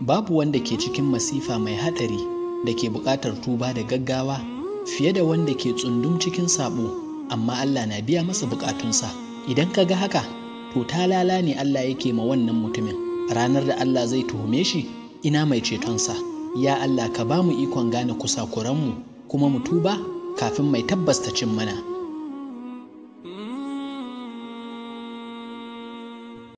babu wanda ke cikin masifa mai haɗari da ke buƙatar tuba da gaggawa fiye da wanda ke tsundum cikin saɓo amma Allah na biya masa buƙatunsa idan ka ga haka to talala ne Allah yake ma wannan mutumin ranar da Allah zai tuhume shi ina mai cetonsa ya Allah ka ba mu ikon gane kusa mu kuma mu tuba kafin mai tabbas ta cin mana